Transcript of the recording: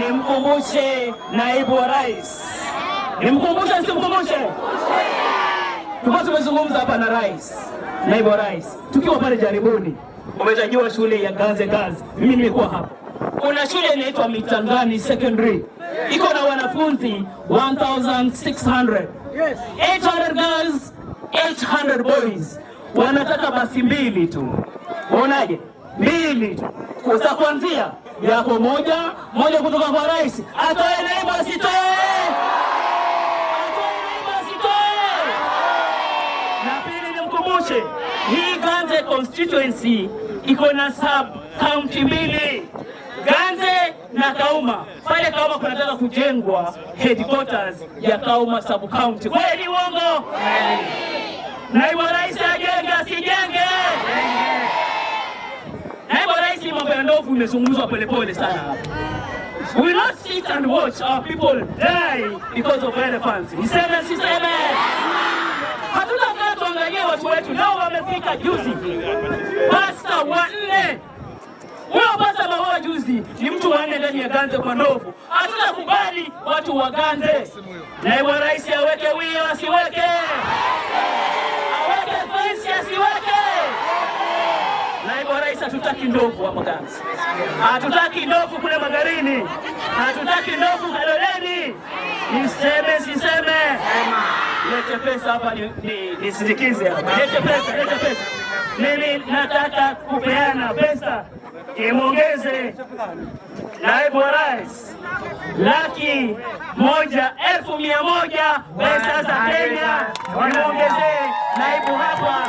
nimkumbushe naibu wa rais, nimkumbushe simkumbushe? Tulikuwa tumezungumza hapa na rais, naibu wa rais, tukiwa pale Jaribuni. Umetajua shule ya Ganze Ganze, mimi nilikuwa hapa. Kuna shule inaitwa Mitangani Secondary, iko na wanafunzi 1600 yes. 800 girls 800 boys, wanataka basi mbili tu. unaje Mbili tu za kuanzia yako moja moja kutoka kwa rais, atoe neema asitoe, atoe neema asitoe. Na pili, nimkumbushe hii Ganze constituency iko na sub county mbili, Ganze na Kauma. Pale Kauma kunataka kujengwa headquarters ya Kauma sub county. Kweli uongo? Naibu ndovu imezungumzwa polepole sana We not sit and watch our people die because of elephants. Niseme siseme, hatutakaa tuangalie watu wetu nao wamefika juzi, pasta wanne huyo pasta maua juzi ni mtu wanne ndani ya ganze kwa ndovu. Hatutakubali watu waganze. Naibu Rais aweke wio asiweke naibu rais, hatutaki ndovu hapa Mwanganzi, hatutaki ndovu kule Magarini, hatutaki ndovu Kaloleni. Niseme siseme? Lete pesa hapa nisindikize, lete pesa, lete pesa. Mimi nataka kupeana pesa imwongeze naibu wa rais laki moja elfu mia moja pesa za Kenya, imwongezee naibu hapa